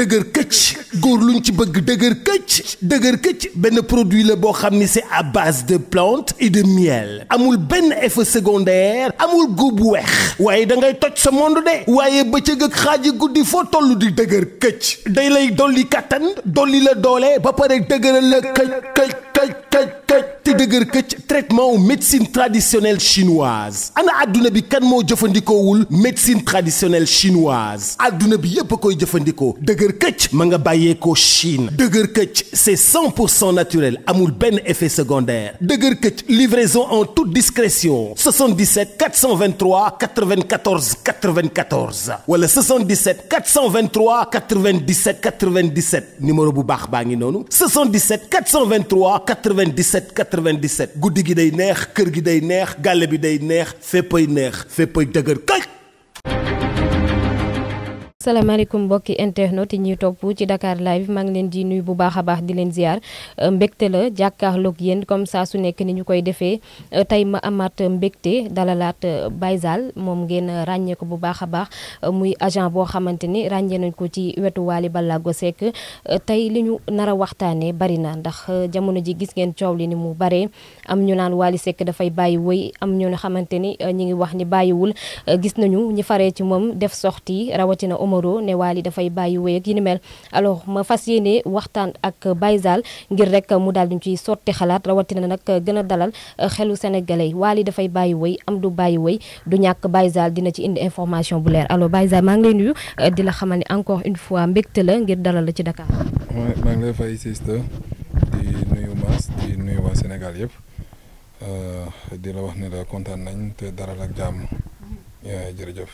dëgër këcc góor ñu ci bëgg dëgër këcc dëgër këcc benn produit la boo xam ni c'est à base de plantes et de miel amul benn effet secondaire amul góob bu weex waaye da ngay toj sa monde de waaye bëccëg ak xaaji guddi foo toll di dëgër këcc day lay dolli kattan dolli la doole ba pare dëgëral la këcc këcc këcc këcc te dëgër këcc traitement wu médecine traditionnelle chinoise ana adduna bi kan moo jëfandikoowul médecine traditionnelle chinoise adduna bi yépp koy jëfandikoo dëgër këcc bàyyeekoo Chine dëgër këcc c'est cent pour cent naturel amul benn effet secondaire dëgër këcc livraison en toute discrétion 77 423 94 94 wala 77 423 97 97 numéro bu baax baa ngi noonu 77 423 97 97 guddi gi day neex kër gi day neex galle bi day neex féppay neex féppay dëgër këcc. salaamaaleykum mbokki internet yi ñuy topp ci Dakar live maa ngi leen di nuyu bu baax a baax di leen ziar euh, mbégte la jàkkaarloog yéen comme saa su nekk ni ñu koy defee euh, tey ma amaat mbégte dalalaat euh, Baye moom ngeen ràññee ko bu baax a baax muy agent boo xamante ni ràññee nañ ko ci wetu Wally Ballago Seck tey li ñu nar a waxtaanee bari na ndax jamono ji gis ngeen coow li ni mu baree am ñu naan Wally Seck dafay bàyyi woy am ñu xamante ni ñu ngi wax ni bàyyiwul gis nañu ñi faree ci moom def sortie Amaro ne Wally dafay bàyyi wéy ak yi ni mel alors ma fas yéene waxtaan ak Baye Zale ngir rek mu daal di ciy sotti xalaat rawatina nag gën a dalal euh, xelu sénégalais Wally dafay bàyyi wéy am du bàyyi woy du ñàkk Baye dina ci indi information bu leer alors Baye Zale maa ngi lay nuyu euh, di la xamal ne encore une fois mbégte la ngir dalal la ci Dakar. maa ngi lay fay sister di nuyu Mass di nuyu waa Sénégal yëpp euh, di wax ne la kontaan nañ te dalal ak jàmm. jërëjëf.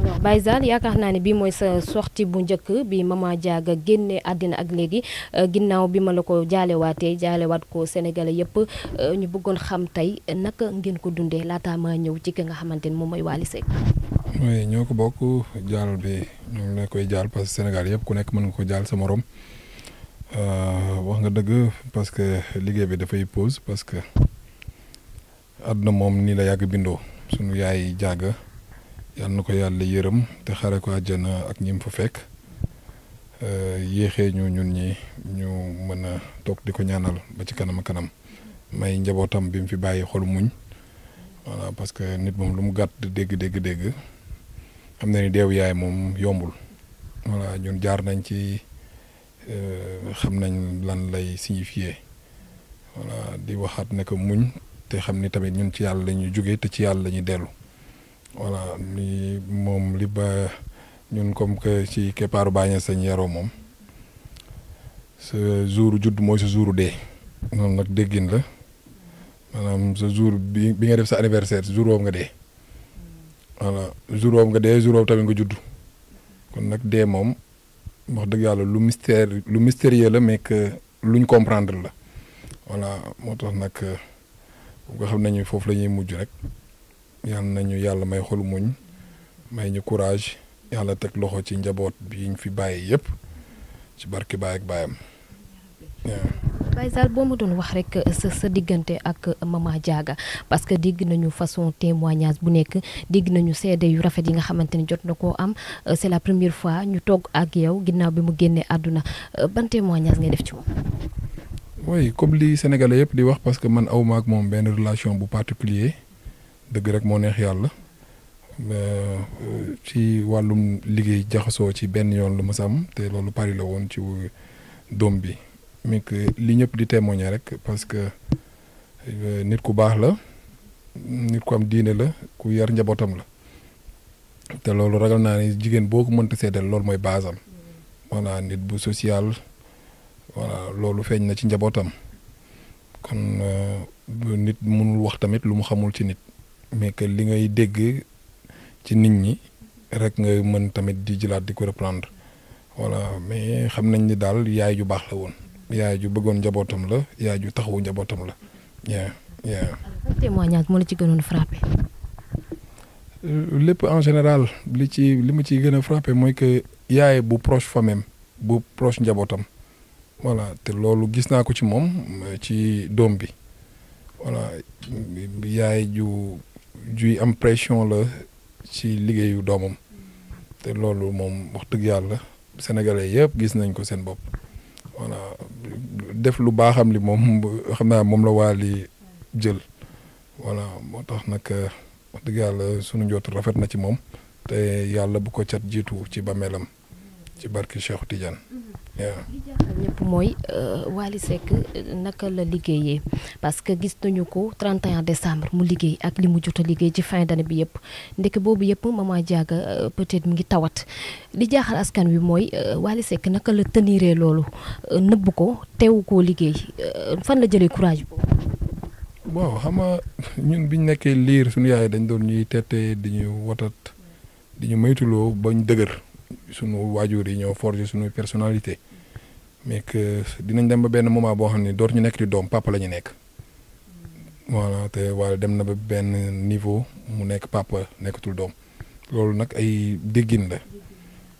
alors Baye Zale yaakaar naa ne bii mooy sa sortie bu njëkk bi Mama Diaga génne àddina ak léegi euh, ginnaaw bi ma la ko jaalewaatee jaalewaat ko Sénégalais yëpp euh, ñu bëggoon xam tey naka ngeen ko dundee laata ma ñëw ci ki nga xamante ni moom mooy Wally Seck. oui ñoo ko bokk jaal bi ñoom la koy jaal parce que Sénégal yëpp ku nekk mën nga ko jaal sa morom euh, wax nga dëgg parce que liggéey bi dafay pause parce que àdduna moom ni la yàgg bindoo sunu yaay Diaga. yal na ko yàlla yërëm te xare ko àjjana ak ñim fa fekk yéexee ñu ñun ñi ñu mën a toog di ko ñaanal ba ci kanam kanam may njabootam bi mu fi bàyyi xol muñ voilà parce que nit moom lu mu gàtt dégg dégg dégg xam na ni deew yaay moom yombul voilà ñun jaar nañ ci xam nañ lan lay signifier voilà di waxaat ne ko muñ te xam ni tamit ñun ci yàlla la ñuy jóge te ci yàlla la ñuy dellu voilà ni moom li ba ñun comme que ci keppaaru bàññee sañ yaroo moom sa jour judd mooy sa jour dee. noonu nag déggin la maanaam sa jour bi bi nga def sa anniversaire jour nga dee voilà jour nga dee jour tamit nga juddu kon nag dee moom wax dëgg yàlla lu mystère lu mystérieux la mais que luñ comprendre la voilà moo tax nag euh, nga xam nañu foofu la ñuy mujj rek. yal nañu yàlla may xol muñ may ñu courage yàlla teg loxo ci njaboot bi ñu fi bàyyi yépp ci barki baay ak baayam. Baye Zale boo ma wax rek sa sa diggante ak Mama jaaga parce que dégg nañu façon témoignage bu nekk dégg nañu seede yu rafet yi nga xamante ni jot na koo am c'est la première fois ñu toog ak yow ginnaaw bi mu génnee àdduna ban témoignage ngay def ci moom. oui comme li Sénégalais yëpp di wax parce que man awma ak moom benn relation bu particulier dëgg rek moo neex yàlla euh, ci wàllum liggéey jaxasoo ci benn yoon la mësa am te loolu pari la woon ci doom bi mais que li ñëpp di témoigner rek parce que euh, nit ku baax la nit ku am diine la ku yar njabootam la te loolu ragal naa ni jigéen boo ko mënta seedal loolu mooy baasam voilà nit bu social voilà loolu feeñ na ci njabootam kon euh, nit mënul wax tamit lu mu xamul ci nit mais que li ngay dégg ci nit ñi rek nga mën tamit di jëlaat di ko reprendre voilà mais xam nañ ni daal yaay ju baax la woon yaay ju bëggoon njabootam la yaay ju taxawu njabootam la bien bien. ci gënoon lépp en général li ci li ma ciy gën a frappé mooy que yaay bu proche famem bu proche njabootam voilà te loolu gis naa ko ci moom ci doom bi voilà yaay ju. juy am pression la ci liggéeyu doomam te loolu moom wax dëgg yàlla sénégalais yëpp gis nañ ko seen bopp voilà def lu baaxam li moom xam naa moom la waa li jël voilà moo tax nag wax dëgg yàlla sunu njootu rafet na ci moom te yàlla bu ko cat jiitu ci bàmmeelam ci barki Cheikh Tidiane mm-hmm. li jaaxal ñëpp mooy euh, Wally Seck naka la liggéeyee parce que gis nañu ko 31 décembre mu liggéey ak li mu jot a liggéey ci fin d'année bi yëpp ndeke boobu yëpp Mama Diaga euh, peut-être mu ngi tawat li jaaxal askan wi mooy euh, Wally Seck naka la tëniiree loolu nëbb ko teewu ko liggéey fan la jëlee courage boobu. waaw xam nga ñun biñ nekkee liir suñu yaay dañ doon ñuy tettee di ñu watat di ñu moytuloo bañ dëgër. sunu waajur yi ñoo forger suñuy personalité mais que dinañ dem ba benn moment boo xam ne dootuñu nekk di doom papa la ñu nekk voilà te wala dem na ba benn niveau mu nekk papa nekkatul doom loolu nag ay déggin la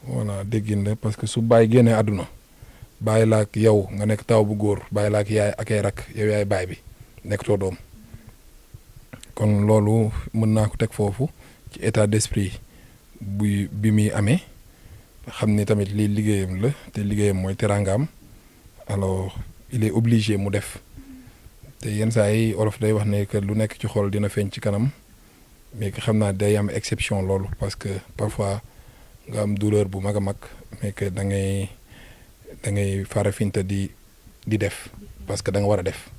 voilà déggin la parce que su bàyyi génnee àdduna bàyyi la ak yow nga nekk taw bu góor bàyyi la ak yaay ak ay rak yow yaay baay bi nekkatoo doom kon loolu mën naa ko teg foofu ci état d'esprit bu bi muy amee xam ni tamit lii liggéeyam la te liggéeyam mooy teraangaam alors il est obligé mu def te yenn saa ay olof day wax ne que lu nekk ci xol dina feeñ ci kanam mais que xam naa day am exception loolu parce que parfois nga am douleur bu mag a mag mais que da ngay da ngay farafinta di di def parce que da nga war a def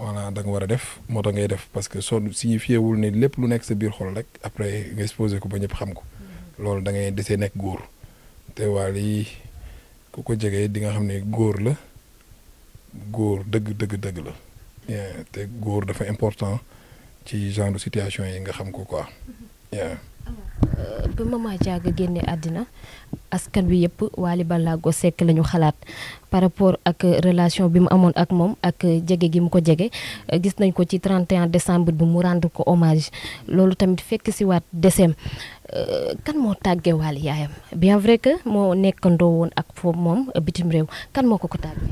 voilà da nga war a def moo tax ngay def parce que soo signifié wul ne lépp lu nekk sa biir xol rek après nga exposé ko ba ñëpp xam ko loolu da ngay desee nekk góor te Wally ku ko jege dinga xam ne góor la góor dëgg dëgg dëgg la te góor dafa important ci genre situation yi nga xam ko quoi Euh, ba Mama Diaga génne àddina askan wi yëpp Wally Ballago Seck lañu xalaat par rapport ak relation bi mu amoon ak moom ak jege gi mu ko jege euh, gis nañ ko ci 31 décembre bi mu rendre ko omage loolu tamit fekk si waat deseem euh, kan moo tàggee Wally yaayam bien vrai que moo nekkandoo woon ak foofu moom bitim réew kan moo ko ko tàggee.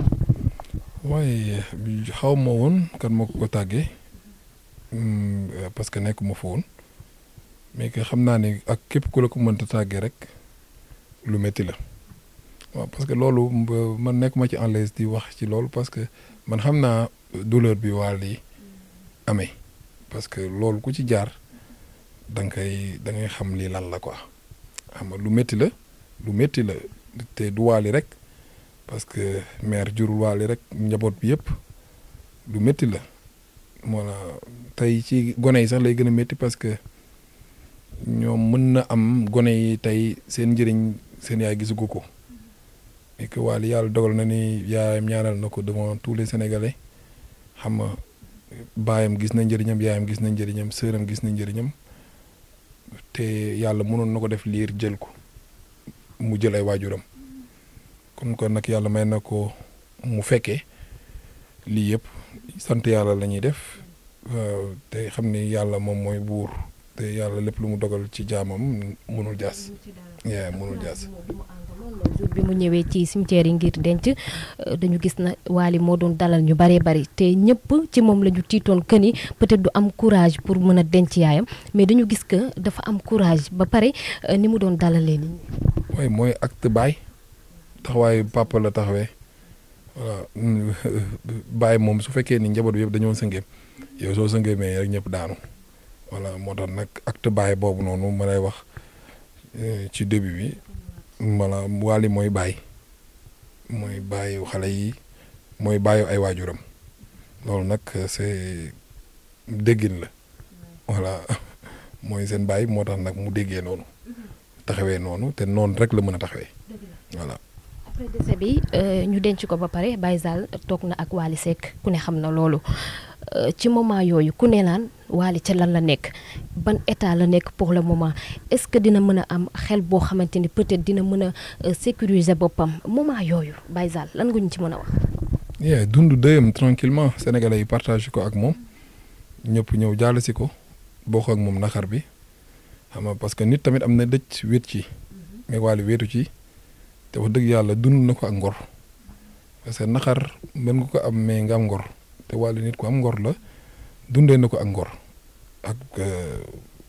xaw ma woon kan moo ko ko tàggee hmm, parce que nekk ma fa woon. mais que xam naa ni ak képp ku la ko mënta tàggee rek lu métti la waaw parce que loolu man nekk ma ci en l'aise di wax ci loolu parce que man xam naa douleur bi waa lii amee parce que loolu ku ci jaar da nga koy da ngay xam lii lan la ko xam nga lu métti la lu métti la te du waali rek parce que mère jurul waali rek njaboot bi yëpp lu métti la moo la tey ci gone yi sax lay gën a métti parce que ñoom mën na am gone yi tey seen njëriñ seen yaay gisugu ko et que Wally yàlla dogal na ni yaayam ñaanal na ko devant tous les sénégalais xam nga baayam gis na njëriñam yaayam gis na njëriñam sëram gis na njëriñam te yàlla mënoon na ko def liir jël ko mu jël ay waajuram kon kon nag yàlla may na ko mu fekke lii yëpp sant yàlla lañuy def te xam ni yàlla moom mooy buur. te yàlla lépp lu mu dogal ci jaamam mënul jaas yeah mënul jaas bi mu ñëwee ci cimetière yi ngir denc euh, dañu gis na Wally moo doon dalal ñu bëree bëri te ñëpp ci moom la ñu tiitoon que ni peut-être du am courage pour mën a denc yaayam mais dañu gis que dafa am courage ba pare euh, ni mu doon dalalee nit mooy acte baay taxawaayu papa la taxawee voilà baay moom su fekkee ni njaboot bi yëpp dañoo sëngee yow soo sëngee mais rek ñëpp daanu. voilà moo tax nag acte baay boobu noonu mën lay wax euh, ci début bi voilà Wally mooy baay mooy baayu xale yi mooy bàyyi ay waajuram loolu nag euh, c'est déggin la voilà mooy seen baay moo tax nag mu déggee noonu taxawee noonu te noonu rek la mën a taxawee voilà. après décès bi euh, ñu denc ko ba pare Baye Zale toog na ak Wally Seck ku ne xam na loolu. Euh, ci moment yooyu ku ne naan waali ca lan la nekk ban état la nekk pour le moment est-ce que dina mën a am xel boo xamante ni peut-être dina mën a euh, sécuriser boppam moment yooyu Baye Zale lan nga ñu ci mën a wax. yeah dund dëyam tranquillement sénégalais yi partagé ko ak moom ñëpp ñëw jàll si ko bokk ak moom naxar bi xam nga parce que nit tamit am na dëj wét ci mm-hmm. mais waali wéetu ci te wax dëgg yàlla dund na ko ak ngor parce que naxar mën nga ko am mais nga am ngor. te Wally nit ku am ngor la dundee na ko ak ngor ak euh,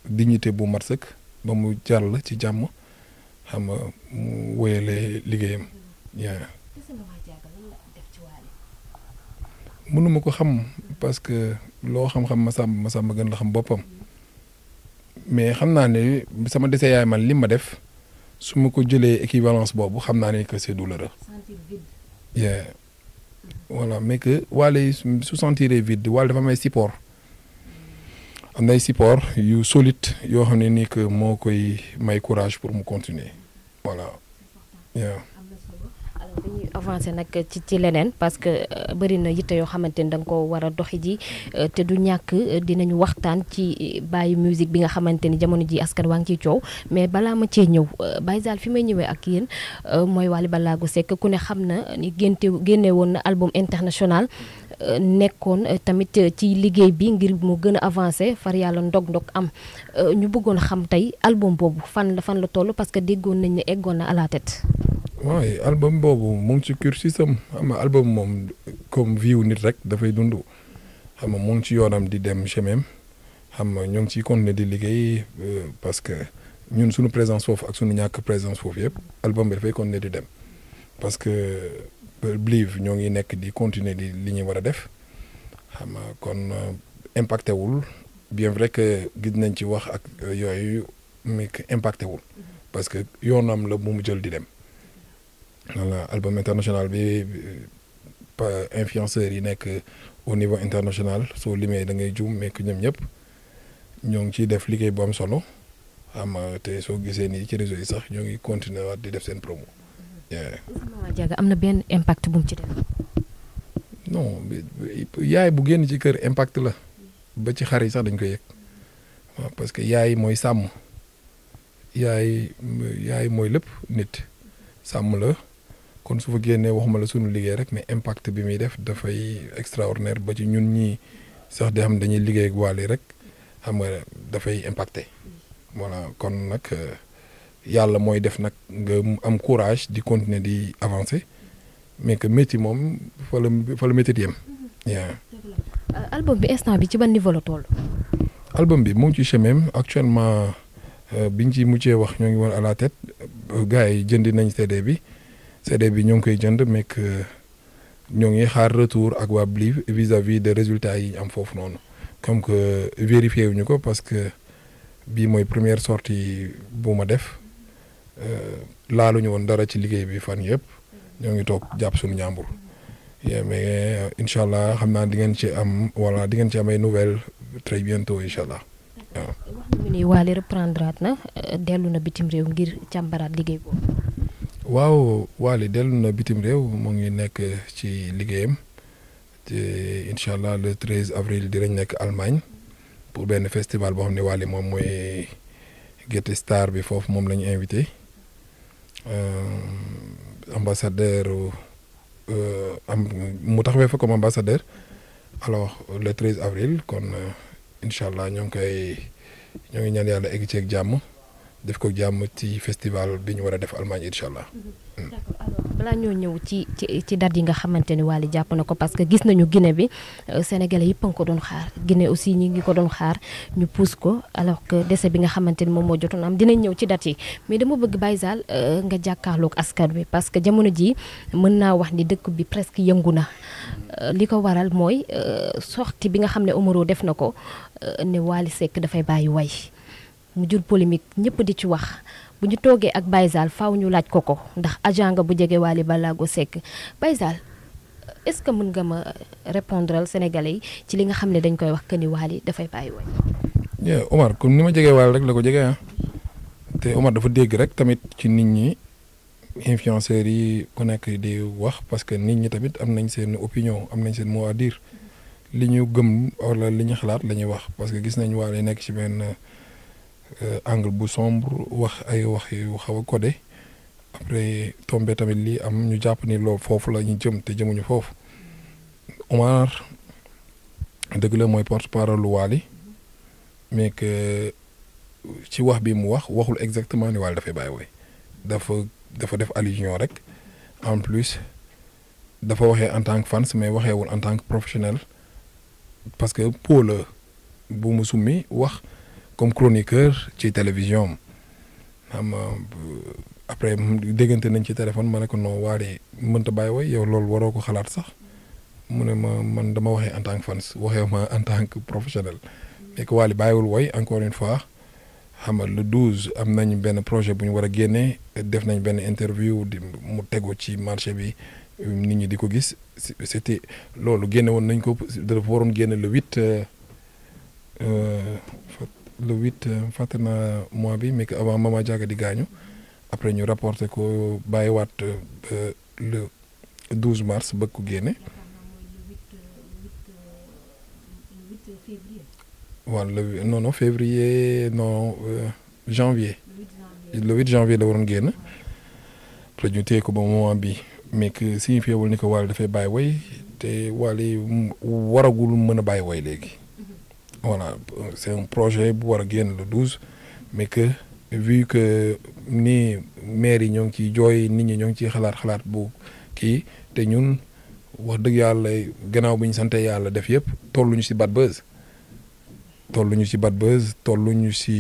dignité bu mat sëkk ba mu jàll ci jàmm xam nga mu wéyalee liggéeyam. mënuma ko xam parce que loo xam-xam Massamba Massamba gën la xam boppam mais xam naa ne sama dese yaay man li ma def su ma ko jëlee équivalence boobu xam naa ne que c'est douloureux. voilà mais que waale yi su sentiree vide waale dafa may ay support am na ay support yu solide yoo xam ne nii que moo koy may courage pour mu continuer voilà. Yeah. dañuy avancé nag ci ci leneen parce que euh, bëri na yitte yoo xamante ni da ko war a doxi ji euh, te du ñàkk euh, dinañu waxtaan ci bàyyi musique bi nga xamante ni jamono ji askan waa ngi ciy coow mais balaa ma cee ñëw Baye fi may ñëwee ak yéen mooy Wally Ballago sekk ku ne xam na ni génte génne woon na album international nekkoon tamit ci liggéey bi ngir mu gën a avancé far yàlla ndog-ndog am ñu bëggoon xam tey album boobu fan la fan la toll parce que déggoon nañ ne eggoon na à waaye album boobu mu ngi ci cursus am xam nga album moom comme vie nit rek dafay dund xam nga mu ngi ci yoonam di dem chemin xam nga ñoo ngi ciy continuer di liggéey euh, parce que ñun suñu présence foofu ak suñu ñàkk présence foofu yëpp album bi dafay continuer di dem parce que Believe ñoo ngi nekk di continuer di li ñuy war a def xam nga kon euh, impacté wul bien vrai que gis nañ ci wax ak euh, yooyu mais impacté wul parce que yoonam la bu mu jël di dem. voilà album international bi influenceurs yi nekk au niveau international soo limee da ngay juum mais ñoom ñëpp ñoo ngi ciy def liggéey bu am solo am te soo gisee nii ci réseau yi sax ñoo ngi continuer waat di def seen promo. Ousmane Diaga am na benn impact bu mu ci yaay bu génn ci kër impact la ba ci xar yi sax dañ koy yëg waaw parce que yaay mooy sàmm yaay yaay mooy lépp nit sàmm la. kon su fa génnee waxuma la sunu liggéey rek mais impact bi muy def dafay extraordinaire ba ci ñun ñi sax di xam dañuy liggéey ak rek xam nga dafay impacté voilà kon nag euh, yàlla mooy def nag nga am courage di continuer di avancer mais que métti moom fa la fa la métti yem. Euh, album bi instant bi ci ban niveau la toll. album bi mu ngi ci actuellement euh, biñ ci muccee wax ñoo ngi woon à gars yi jëndi nañ CD bi. CD bi ñoo ngi koy jënd mais ñoo ngi xaar retour ak waa Bliv vis-à-vis des résultats yi am foofu noonu comme que vérifié wuñu ko parce que bii mooy première sortie bu ma def euh, laaluñu woon dara ci liggéey bi fan yëpp ñoo ngi toog jàpp suñu ñaambur mais euh, incha allah xam naa di ngeen ci am wala di ngeen ci am ay nouvelles très bientôt incha allah. waaw waaw Wally dellu na bitim réew moo ngi nekk ci liggéeyam te incha allah le 13 avril dinañ nekk Allemagne pour benn festival boo xam ne Wally moom mooy Get Star bi foofu moom la ñu invité euh, ambassadeur euh, am mu taxawee fa comme ambassadeur alors le avril kon euh, incha allah ñoo ngi koy ñoo ngi ñaan yàlla egg ci ak jàmm. def ko jàmm ci festival bi ñu war a def Allemagne incha allah. Mhm. Mm. balaa ñoo ñëw ci ci ci date yi nga xamante ni Wally jàpp na ko parce que gis nañu Guinée bi euh, Sénégalais yëpp ngi ko doon xaar Guinée aussi ñu ngi ko doon xaar ñu pousse ko alors que décès bi nga xamante ni moom moo jotoon am dinañ ñëw ci dat yi mais dama bëgg Baye Zale euh, nga jàkkaarloog askan wi parce que jamono jii mën naa wax ni dëkk bi presque yëngu na euh, li ko waral mooy sortie bi nga xam ne Omaro def na ko ni Wally Seck dafay bàyyi way. mu jur polémique ñëpp di ci wax bu ñu toogee ak Baye Zale faaw ñu laaj ko ko ndax agent nga bu jege Wally Ballago Seck sekk Zale est-ce que mën nga ma répondre Sénégalais yi ci li nga xam ne dañ koy wax que ni Wally dafay bàyyi woon. Omar comme ni ma jegee Wally rek la ko jege ah te Omar dafa dégg rek tamit ci nit ñi influenceurs yi ku nekk di wax parce que nit ñi tamit am nañ seen opinion am nañ seen mot à li ñu gëm wala li ñu xalaat la ñuy wax parce que gis nañ Wally nekk ci benn. Euh, angle bu sombre wax ay wax xaw a codé après tombé tamit lii am ñu jàpp ni loolu foofu la ñu jëm te jëmuñu foofu Omar dëgg la mooy porte parole lu Wally mais que ci wax bi mu wax waxul exactement ni Wally dafay bàyyi woy dafa dafa def allusion rek en plus dafa waxee en tant que fans mais waxeewul en tant que professionnel parce que po la bu mu summi wax. comme chroniqueur ci télévision am après déggante nañ ci téléphone ma ne noo non waale mënta bàyyi way yow loolu waroo ko xalaat sax mu ne ma man dama waxee en tant fans waxee ma en tant que professionnel mais que waali bàyyiwul woy encore une fois xam lu le am nañ benn projet bu ñu war a génnee def nañ benn interview di mu tegu ci marché bi nit ñi di ko gis c'était loolu génne woon nañ ko dafa waroon génne le 8. le huit euh, fàtte naa mois bi mais que avant Mama Diaga di gaañu après ñu rapporté ko bàyyiwaat euh, le douze mars ko génne. waaw le non non février non euh, janvier. le huit janvier la waroon génn. après ñu téye ko ba moment bi mais que signifié wul ni ko Wally dafay bàyyi woy te Wally waragul mën a bàyyi woy léegi. voilà c' un projet bu war a génn le douze mais que vu que ni maire yi ñoo ngi ciy jooy nit ñi ñoo ngi ciy xalaat xalaat bu kii te ñun wax dëgg yàlla gannaaw bi ñu sante yàlla def yëpp tolluñu si bad buzz tolluñu si bad buzz tolluñu si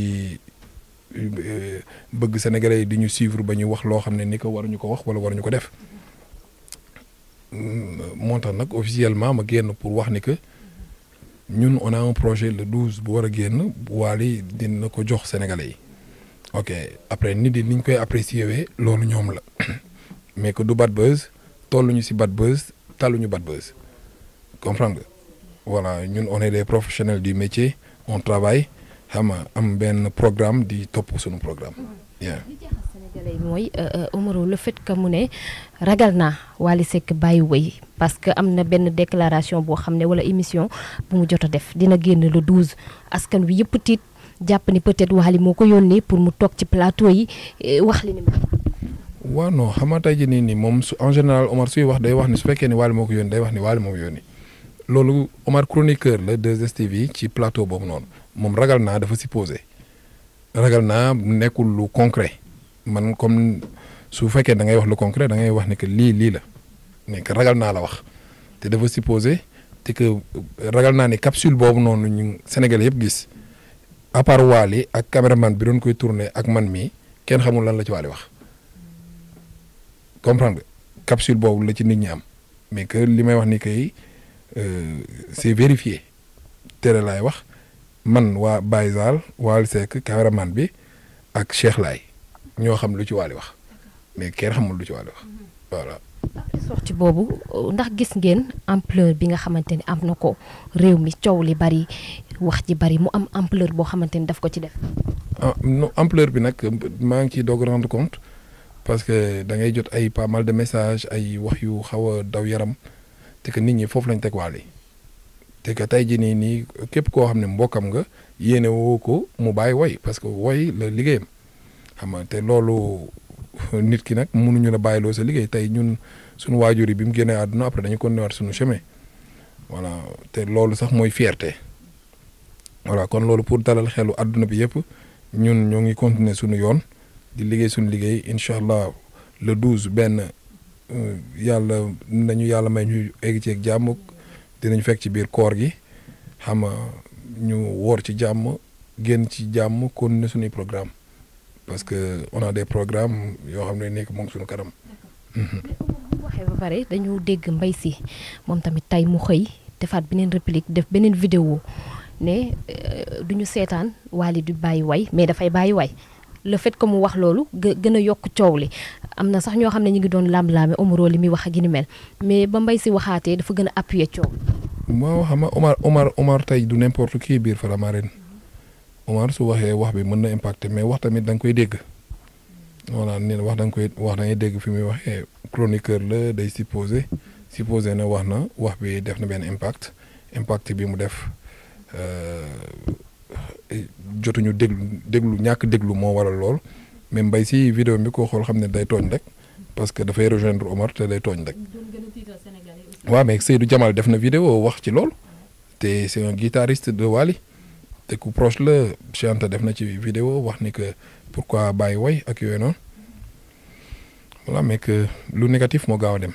euh, bëgg sénégalais yi di ñu suivre ba ñu wax loo xam ne ni ko waruñu ko wax wala waruñu ko def moo tax nag officiellement ma génn pour wax ni que. ñun on a un projet le 12 bu war a génn Wally dina ko jox sénégalais yi ok après nit yi niñ koy apprécier wee loolu ñoom la mais que du bat buzz tolluñu si bad buzz taluñu bat buzz comprendre nga ñun on est des professionnels du métier on travaille xam nga am benn programme di topp suñu programme bien jëlee mooy Omaro euh, euh, le fait que mu ne ragal naa Wally Seck bàyyi wëy parce que am na benn déclaration boo xam ne wala émission bu mu jot def dina génn le douze askan wi yëpp tiit jàpp ni peut-être Wally moo ko nii pour mu toog ci plateau yi euh, wax li ni mel. waaw non xam nga tey jii nii moom su en général Omar suy wax day wax ni su fekkee ni Wally moo ko yónni day wax ni Wally moo ko loolu Omar chroniqueur la 2STV ci plateau boobu noonu moom ragal naa dafa supposé ragal naa nekkul lu concret. man comme su fekkee da ngay wax lu concret da ngay wax ni que lii lii la mais que ragal naa la wax te dafa supposé te que ragal naa ne capsule boobu noonu ñu Sénégal yëpp gis à part Waly ak caméraman bi doon koy tourner ak man mii kenn xamul lan la ci Waly wax comprendre capsule boobu la ci nit ñi am mais que li may wax ni kay euh, c'est vérifié tere lay wax man waa Baye waal Waly Seck caméraman bi ak Cheikh Laye ñoo xam lu ci Wally wax mais kenn xamul lu ci Wally wax mhm. voilà. sortie boobu ndax gis ngeen ampleur bi nga xamante ni am na ko réew mi coow li bari wax ji bari mu am ampleur boo xamante ni daf ko ci def. ah empleur bi nag maa ngi ciy doog rendre compte parce que dangay jot ay pas mal de messages ay wax yu xaw a daw yaram te que nit ñi foofu lañ teg Wally te que tey jii nii nii képp koo xam ne mbokkam nga yéenewoo ko mu bàyyi woy parce que woy la liggéeyam. xam nga te loolu nit ki nag mënuñu la bàyyiloo sa liggéey tey ñun suñu waajur yi bi mu génnee àdduna après dañu continuer suñu chemin voilà te loolu sax mooy fierte voilà kon loolu pour dalal xelu àdduna bi yëpp ñun ñoo ngi continuer suñu yoon di liggéey suñu liggéey incha allah le douze benn euh, yàlla nañu yàlla may ñu egg ci ak jàmm dinañ fekk ci biir koor gi xam nga ñu woor ci jàmm génn ci jàmm continuer suñuy programme parce que on a des programmes yoo xam ne nekk mu suñu kanam. bu waxee ba pare dañu dégg mbay si moom tamit tey mu xëy defaat beneen réplique def beneen vidéo ne euh, duñu seetaan Wally du bàyyi way mais dafay bàyyi way le fait que mu wax loolu gën a yokk coow li am na sax ñoo xam ne ñu ngi doon laam-laame Omaro li muy wax a ni mel mais ba mbay si waxaatee dafa gën a appuyer coow. moo xam nga Omar Omar Omar tey du n'importe qui biir Faramareen Omar su waxee wax bi mën na impacter mais wax tamit da nga koy dégg voilà nee wax danga koy wax da ngay dégg fi muy waxee chroniqueur la day supposé supposé ne wax na wax bi def na benn impact impact bi mu def euh, jotuñu déglu déglu ñàkk déglu moo waral lool mais mbay si vidéo bi koo xool xam ne day tooñ rek parce que dafay rejoindre Omar te day tooñ rek. waaw mais Seydou Jamal def na vidéo wax ci lool te c'est un guitariste de te ku proche la Cheikh def na ci vidéo wax ni que pourquoi baay woy ak yooyu noonu voilà mais lu négatif moo gaaw a dem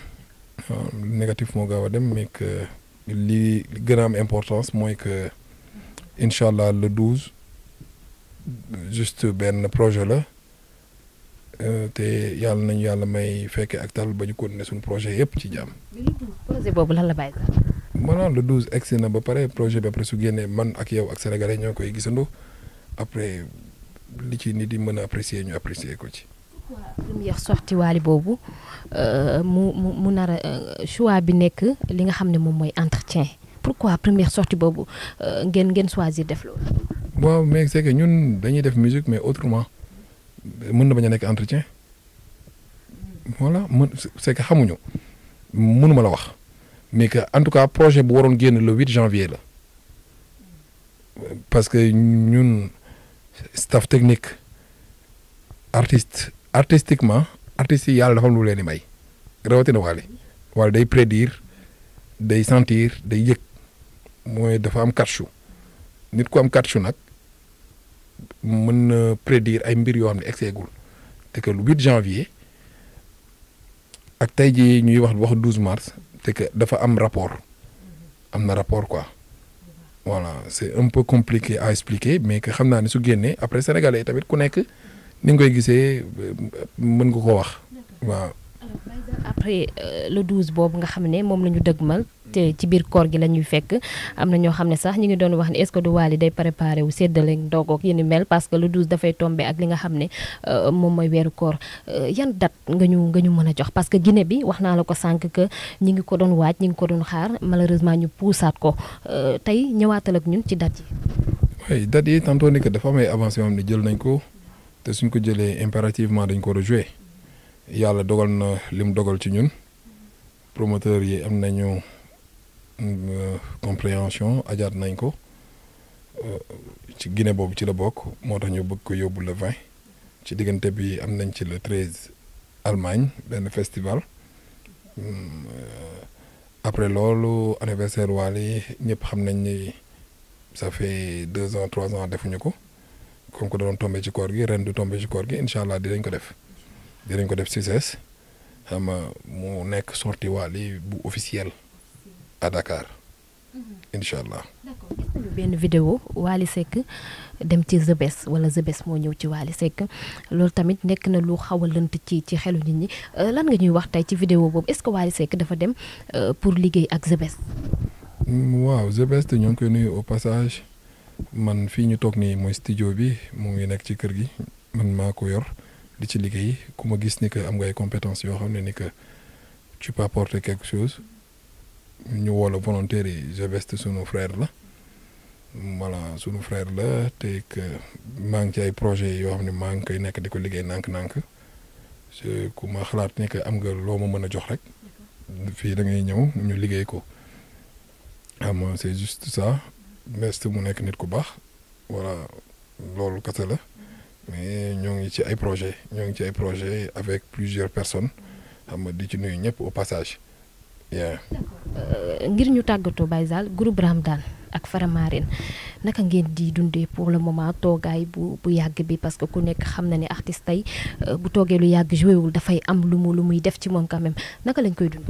lu négatif moo gaaw a dem mais li gën a am importance mooy que incha allah le douze juste benn projet la euh, te yàlla nañu yàlla may fekkee ak tal ba ñu continuer suñu projet yëpp ci jàmm. maanaam le 12 egsi na ba pare projet bi après su génnee man ak yow ak sénégalais ñoo koy gisandoo après li ci nit yi mën a apprécier ñu apprécier ko ci. waaw première sortie Wally boobu euh, mu mu nar a euh, choix bi nekk li nga xam ne moom mooy entretien pourquoi première sortie boobu euh, ngeen ngeen choisir def loolu. waaw mais c'est ñun dañuy def musique mais autrement mun na bañ a nekk entretien voilà mën c'est xamuñu mënuma la wax. mais que en tout cas projet bu waroon génn le 8 janvier la parce que ñun staff technique artiste artistiquement artistes yàlla dafa am lu leen di may rawatina Wally Wally day prédire day sentire day yëg mooy dafa am katchu nit ku am katchu nag mën na prédire ay mbir yoo xam ne egseegul te que le 8 janvier ak tey jii ñuy wax wax 12 mars c'est que dafa am rapport am na rapport quoi voilà c'est un peu compliqué à expliquer mais que xam naa ne su génnee après sénégalais yi tamit ku nekk ni nga koy gisee mën nga koo wax waaw. après euh, le 12 boobu nga xam ne moom la ñu dëgmal te ci biir koor gi la ñuy fekk am na ñoo xam ne sax ñu ngi doon wax ne est-ce que du waali day préparé wu séddale ndogu ak yéen mel parce que le 12 dafay tombé ak li nga ne euh, moom mooy weeru koor euh, yan date nga ñu nga ñu mën a jox parce que Guinée bi wax naa la ko sànq que ngi ko doon waaj ñu ngi ko doon xaar malheureusement ñu puusaat ko tey ñëwaatal ak ñun ci date yi. oui date yi tantôt ni que dafa am ay avancé yoo xam ne jël nañ ko te suñ ko jëlee impérativement dañ ko rejouer yàlla dogal na lim dogal ci ñun promoteur yi am nañu euh, compréhension ajaat nañ ko euh, ci gine boobu ci la bokk moo tax ñu bëgg ko yóbbu le vingt ci diggante bi am nañ ci le treize Allemagne benn festival euh, après loolu anniversaire Wally ñëpp xam nañ ni ça fait deux ans trois ans defuñu ko comme que doon tombé ci koor gi ren du tombé ci koor gi incha allah dinañ ko def. dinañ ko def succès xam mu nekk sorti waali bu officiel à Dakar mhm. incha allah. d'accord gis nañu vidéo Wally Seck dem ci Zebes wala Zebes moo ñëw ci Wally sekk loolu tamit nekk na lu xaw a ci ci xelu nit ñi euh, lan nga ñuy wax tey ci vidéo boobu est-ce que Wally Seck dafa dem euh, pour liggéey ak Zebes. waaw Zebes te ñoo ngi koy nuyu au passage man fii ñu toog nii mooy studio bi mu ngi nekk ci kër gi man maa ko yor. di ci liggéey ku ma gis ni que am nga ay compétences yoo xam ne ni que tu peux apporter quelque chose ñu woo la volontaire yi Jabest sunu frère la voilà sunu frère la te que maa ngi ci ay projets yoo xam ne maa ngi koy nekk di ko liggéey nànk-nànk ku ma xalaat ni que am nga loo ma mën a jox rek fii da ngay ñëw ñu liggéey ko am ah, c'est juste ça Jabest mu nekk nit ku baax voilà loolu kese la. mais ñoo ngi ci ay projet ñoo ngi ci ay projet avec plusieurs personnes xam nga di ci nuyu ñëpp au passage. Euh, ngir ñu tàggatoo Baye Zale groupe ak Faramareen naka ngeen di dundee pour le moment toogaay bu bu yàgg bi parce que ku nekk xam na ni artiste tey euh, bu toogee lu yàgg joué wul dafay am lu mu lu muy def ci moom quand naka lañ koy dund.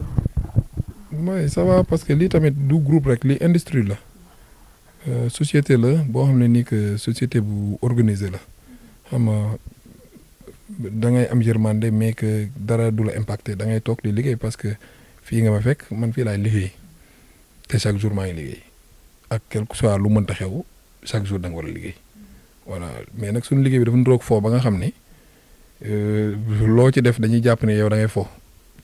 mooy ça parce que lii tamit du groupe rek lii industrie la euh, société la boo xam ne nii que société bu organisée la. xam nga da ngay am yërmande mais que dara du la impacté da ngay toog li liggéey parce que fii nga ma fekk man fii laay liggéey te chaque jour maa ngi liggéey ak quelque soit lu mënta xew chaque jour da nga liggéey voilà mais nag suñu liggéey bi dafa ndoog foo ba nga xam ne euh, loo ci def dañuy jàpp ne yow da ngay fo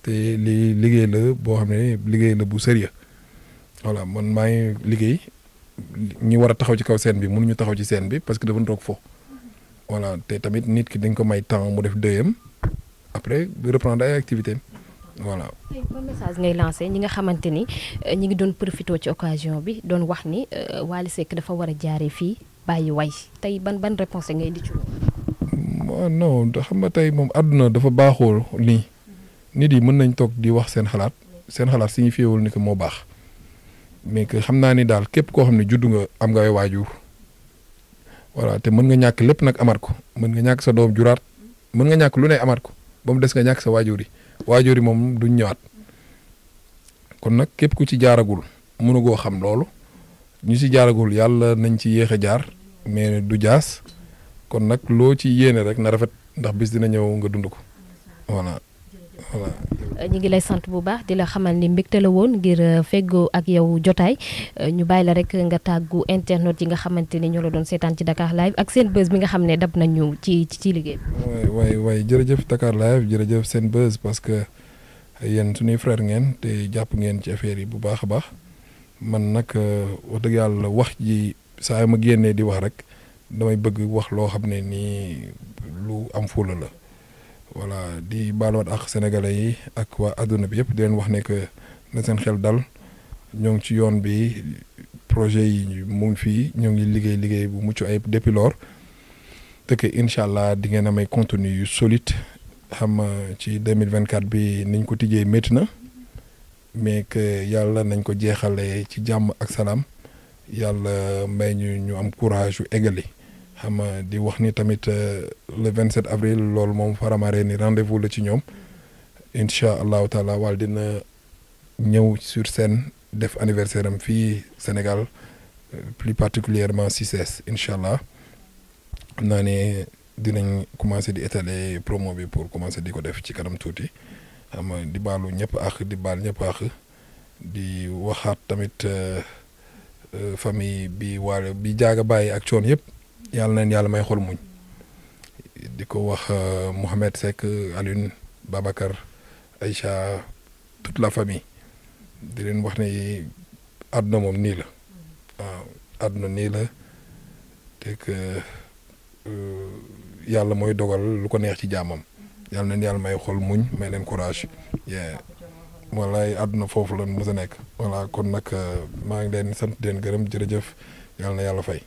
te li liggéey la boo xam ne liggéey la bu sérieux voilà man maa ngi liggéey ñi war a taxaw ci kaw scène bi mënuñu taxaw ci seen bi parce que dafa ndoog fo voilà te tamit nit ki dañ ko may temps mu def dëyam après reprendre ay activités voilà. tey ban message ngay lancé ñi nga xamante ni euh, ñi ngi doon profité ci occasion bi doon wax ni euh, Wally Seck dafa war a jaaree fii bàyyi way tey ban ban réponse ngay di ci waaw xam nga tey moom àdduna dafa baaxoo nii nit yi mën nañ toog di wax seen xalaat seen xalaat signifié wul ni que moo baax mais que xam naa ni daal képp koo xam ne juddu nga am ngay ay waajur voilà te mën nga ñàkk lépp nag amaat ko mën nga ñàkk sa doom juraat mën nga ñàkk lu ne amaat ko ba mu des nga ñàkk sa waajur yi waajur yi moom duñ ñëwaat kon nag képp ku ci jaaragul mënugoo xam loolu ñu ci jaaragul yàlla nañ ci yéex a jaar mais du jaas kon nag loo ci yéene rek na rafet ndax bis dina ñëw nga dund ko voilà. ñu ngi lay sant bu baax di la xamal ni mbégte la woon ngir euh, feggoo ak yow jotaay euh, ñu bàyyi la rek nga tàggu internet yi nga xamante ni ñoo la doon seetaan ci Dakar live ak seen buzz bi nga xam ne dab nañu ci ci liggéey bi. waay jërëjëf Dakar live jërëjëf seen buzz parce que yéen suñuy frère ngeen te jàpp ngeen ci affaire yi bu baax a baax man nag euh, wax dëgg yàlla wax ji saa ma génnee di wax rek damay bëgg wax loo xam ne nii lu am fuula la. voilà di baaluwaat ak sénégalais yi ak waa àdduna bi yëpp di leen wax ne que na seen xel dal ñoo ngi ci yoon bi projet yi mu ngi fii ñoo ngi liggéey liggéey bu mucc ayib depuis lors te incha allah di ngeen am ay contenu yu solide xam euh, ci 2024 bi niñ ko tijjee métti na mais que yàlla nañ ko jeexale ci jàmm ak salaam yàlla may ñu ñu am courage yu eggali xam di wax ni tamit euh, le 27 avril loolu moom Faramare ni rendez-vous la ci ñoom incha allahu taala wal dina ñëw sur scène def anniversaire am fii Sénégal euh, plus particulièrement CICES incha allah xam naa ne dinañ commencé di étaler promo bi pour commencer di ko def ci kanam tuuti xam di baalu ñëpp ak di baal ñëpp ak di waxaat tamit euh, famille bi wala bi jaaga bàyyi ak coon yëpp. yàlla neen yàlla may xol muñ di ko wax euh, Mouhamed Seck Alioune Babacar Aïcha tout la famille di leen wax ni àdduna moom nii la waaw àdduna nii la te que euh, yàlla mooy dogal lu ko neex ci jaamam yàlla neen yàlla may xol muñ may leen courage yeah walaay àdduna foofu la mos a nekk voilà kon nag euh, maa ngi leen sant di gërëm jërëjëf yàlla na yàlla fay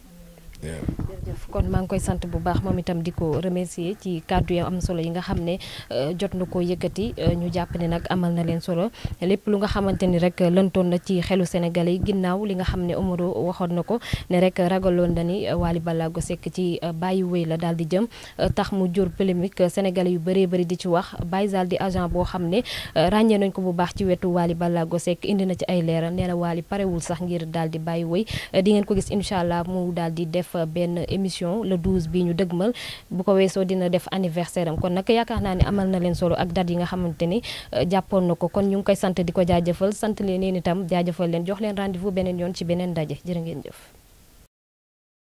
kon maa ngi koy sant bu baax moom itam di ko remercier ci kàddu yu am solo yi nga xam ne euh, jot na ko yëkkati euh, ñu jàpp ne nag amal na leen solo lépp lu nga xamante ni rek lëntoon na ci xelu Sénégalais yi ginnaaw li nga xam ne Omaro waxoon na ko ne rek ragaloon na ni euh, Wally Ballago Seck ci bàyyi wéy la daal di jëm tax mu jur polémique Sénégalais yu bëree bëri di ci wax bay Zal di agent boo xam ne ràññee nañ ko bu baax ci wetu Wally Ballago Seck indi na ci ay leeral nee parewul sax ngir daal di bàyyi di ngeen ko gis incha allah mu daal di fa benn émission la 12 bi ñu dëgmal bu ko weesoo dina def anniversaire am kon nag yaakaar naa ne amal na leen solo ak date yi nga xamante ni euh, jàppoon na ko kon ñu ngi koy sant di ko jaajëfal sant leen itam jaajëfal leen jox leen rendez-vous beneen yoon ci beneen ndaje jërë ngeen jëf